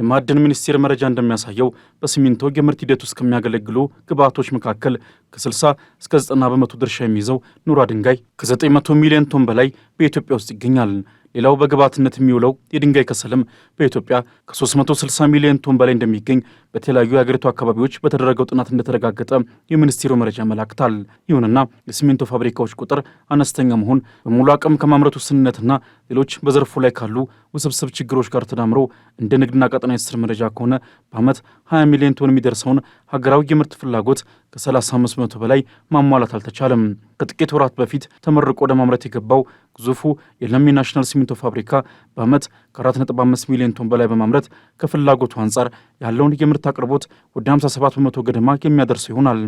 የማዕድን ሚኒስቴር መረጃ እንደሚያሳየው በሲሚንቶ የምርት ሂደት ውስጥ ከሚያገለግሉ ግብዓቶች መካከል ከ60 እስከ 90 በመቶ ድርሻ የሚይዘው ኑራ ድንጋይ ከ900 ሚሊዮን ቶን በላይ በኢትዮጵያ ውስጥ ይገኛል። ሌላው በግብዓትነት የሚውለው የድንጋይ ከሰልም በኢትዮጵያ ከ360 ሚሊዮን ቶን በላይ እንደሚገኝ በተለያዩ የአገሪቱ አካባቢዎች በተደረገው ጥናት እንደተረጋገጠ የሚኒስቴሩ መረጃ መላክታል። ይሁንና የሲሚንቶ ፋብሪካዎች ቁጥር አነስተኛ መሆን በሙሉ አቅም ከማምረት ውስንነትና ሌሎች በዘርፉ ላይ ካሉ ውስብስብ ችግሮች ጋር ተዳምሮ እንደ ንግድና ቀጠና የስር መረጃ ከሆነ በዓመት 20 ሚሊዮን ቶን የሚደርሰውን ሀገራዊ የምርት ፍላጎት ከ35 በመቶ በላይ ማሟላት አልተቻለም። ከጥቂት ወራት በፊት ተመርቆ ወደ ማምረት የገባው ግዙፉ የለሚ ናሽናል ሲሚንቶ ፋብሪካ በዓመት ከ4.5 ሚሊዮን ቶን በላይ በማምረት ከፍላጎቱ አንጻር ያለውን የምርት አቅርቦት ወደ 57 በመቶ ገደማ የሚያደርሰው ይሆናል።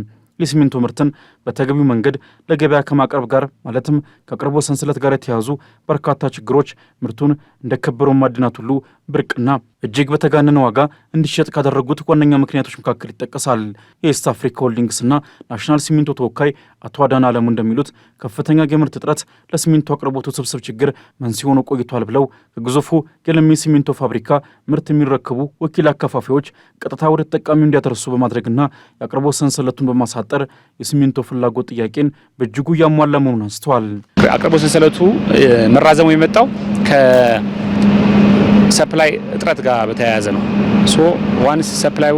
የሲሚንቶ ምርትን በተገቢው መንገድ ለገበያ ከማቅረብ ጋር ማለትም ከአቅርቦት ሰንሰለት ጋር የተያዙ በርካታ ችግሮች ምርቱን እንደ ከበረው ማዕድናት ሁሉ ብርቅና እጅግ በተጋነነ ዋጋ እንዲሸጥ ካደረጉት ዋነኛ ምክንያቶች መካከል ይጠቀሳል። የኢስት አፍሪካ ሆልዲንግስና ናሽናል ሲሚንቶ ተወካይ አቶ አዳና አለሙ እንደሚሉት ከፍተኛ የምርት እጥረት ለሲሚንቶ አቅርቦቱ ውስብስብ ችግር መንስኤ ሆኖ ቆይቷል ብለው ከግዙፉ የለሚ ሲሚንቶ ፋብሪካ ምርት የሚረክቡ ወኪል አካፋፊዎች ቀጥታ ወደ ተጠቃሚው እንዲያደርሱ በማድረግና የአቅርቦት ሰንሰለቱን በማሳጠር የሲሚንቶ ፍላጎት ጥያቄን በእጅጉ እያሟላ መሆኑን አንስተዋል። አቅርቦት ሰንሰለቱ መራዘሙ የመጣው ሰፕላይ እጥረት ጋር በተያያዘ ነው። ሶ ዋንስ ሰፕላዩ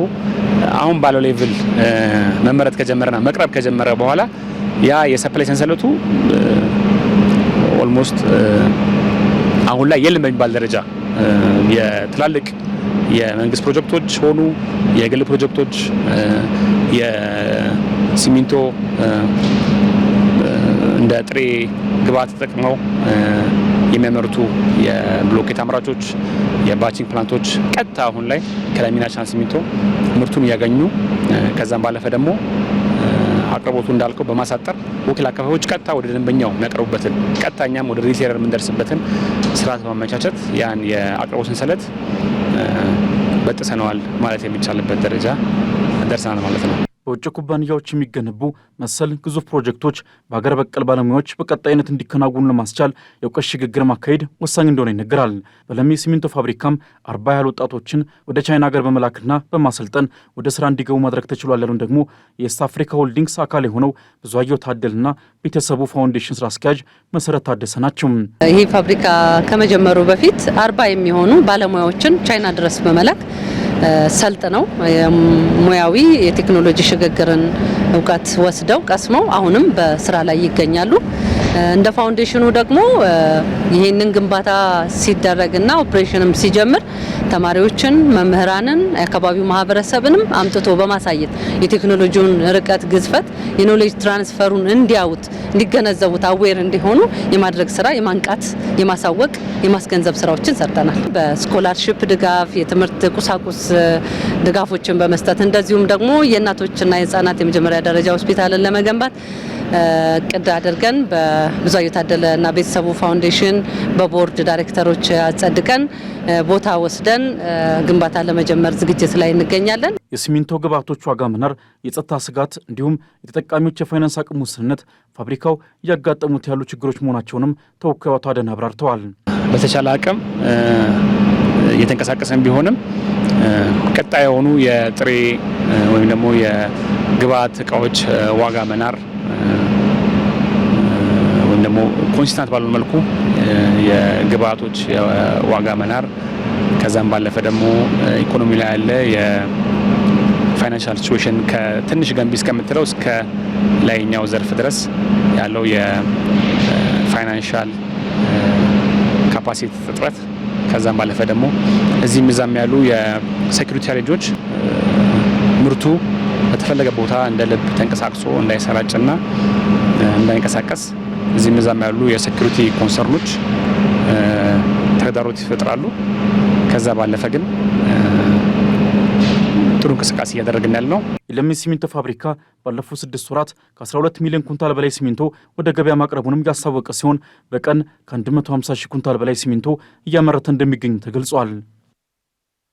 አሁን ባለው ሌቭል uh, መመረት ከጀመረና መቅረብ ከጀመረ በኋላ ያ የሰፕላይ ሰንሰለቱ ኦልሞስት uh, uh, አሁን ላይ የለም በሚባል ደረጃ የትላልቅ የመንግስት ፕሮጀክቶች ሆኑ የግል ፕሮጀክቶች የሲሚንቶ እንደ ጥሬ ግብዓት ተጠቅመው የሚያመርቱ የብሎኬት አምራቾች፣ የባቺንግ ፕላንቶች ቀጥታ አሁን ላይ ከላሚና ቻን ሲሚንቶ ምርቱን እያገኙ ከዛም ባለፈ ደግሞ አቅርቦቱ እንዳልከው በማሳጠር ወኪል አከፋዮች ቀጥታ ወደ ደንበኛው የሚያቀርቡበትን ቀጥታኛም ወደ ሪሴለር የምንደርስበትን ስርዓት በማመቻቸት ያን የአቅርቦት ሰንሰለት በጥሰነዋል ማለት የሚቻልበት ደረጃ ደርሰናል ማለት ነው። በውጭ ኩባንያዎች የሚገነቡ መሰል ግዙፍ ፕሮጀክቶች በሀገር በቀል ባለሙያዎች በቀጣይነት እንዲከናወኑ ለማስቻል የእውቀት ሽግግር ማካሄድ ወሳኝ እንደሆነ ይነገራል። በለሚ ሲሚንቶ ፋብሪካም አርባ ያህል ወጣቶችን ወደ ቻይና ሀገር በመላክና በማሰልጠን ወደ ስራ እንዲገቡ ማድረግ ተችሏል ያሉን ደግሞ የኢስት አፍሪካ ሆልዲንግስ አካል የሆነው ብዙአየሁ ታደልና ቤተሰቡ ፋውንዴሽን ስራ አስኪያጅ መሰረት ታደሰ ናቸው። ይህ ፋብሪካ ከመጀመሩ በፊት አርባ የሚሆኑ ባለሙያዎችን ቻይና ድረስ በመላክ ሰልጥ ነው ሙያዊ የቴክኖሎጂ ሽግግርን እውቀት ወስደው ቀስመው አሁንም በስራ ላይ ይገኛሉ። እንደ ፋውንዴሽኑ ደግሞ ይህንን ግንባታ ሲደረግና ኦፕሬሽንም ሲጀምር ተማሪዎችን፣ መምህራንን፣ የአካባቢው ማህበረሰብንም አምጥቶ በማሳየት የቴክኖሎጂውን ርቀት ግዝፈት፣ የኖሌጅ ትራንስፈሩን እንዲያውት እንዲገነዘቡት፣ አዌር እንዲሆኑ የማድረግ ስራ የማንቃት፣ የማሳወቅ፣ የማስገንዘብ ስራዎችን ሰርተናል። በስኮላርሽፕ ድጋፍ፣ የትምህርት ቁሳቁስ ድጋፎችን በመስጠት እንደዚሁም ደግሞ የእናቶችና የህጻናት የመጀመሪያ ደረጃ ሆስፒታልን ለመገንባት ቅድ አድርገን በብዙአየሁ ታደለና ቤተሰቡ ፋውንዴሽን በቦርድ ዳይሬክተሮች አጸድቀን ቦታ ወስደን አቅርበን ግንባታ ለመጀመር ዝግጅት ላይ እንገኛለን። የሲሚንቶ ግብዓቶች ዋጋ መናር፣ የጸጥታ ስጋት እንዲሁም የተጠቃሚዎች የፋይናንስ አቅም ውስንነት ፋብሪካው እያጋጠሙት ያሉ ችግሮች መሆናቸውንም ተወካዩ አቶ አደን አብራርተዋል። በተቻለ አቅም እየተንቀሳቀሰን ቢሆንም ቀጣይ የሆኑ የጥሬ ወይም ደግሞ የግብዓት እቃዎች ዋጋ መናር ወይም ደግሞ ኮንሲስታንት ባልሆነ መልኩ የግብዓቶች ዋጋ መናር ከዛም ባለፈ ደግሞ ኢኮኖሚ ላይ ያለ የፋይናንሻል ሲትዌሽን ከትንሽ ገንቢ እስከምትለው እስከ ላይኛው ዘርፍ ድረስ ያለው የፋይናንሻል ካፓሲቲ እጥረት ከዛም ባለፈ ደግሞ እዚህም እዛም ያሉ የሴኩሪቲ ቻሌንጆች ምርቱ በተፈለገ ቦታ እንደ ልብ ተንቀሳቅሶ እንዳይሰራጭና እንዳይንቀሳቀስ እዚህም እዛም ያሉ የሴኩሪቲ ኮንሰርኖች ተግዳሮት ይፈጥራሉ። ከዛ ባለፈ ግን ጥሩ እንቅስቃሴ እያደረግን ያለ ነው። የለሚ ሲሚንቶ ፋብሪካ ባለፉት ስድስት ወራት ከ12 ሚሊዮን ኩንታል በላይ ሲሚንቶ ወደ ገበያ ማቅረቡንም ያሳወቀ ሲሆን በቀን ከ150 ሺህ ኩንታል በላይ ሲሚንቶ እያመረተ እንደሚገኝ ተገልጿል።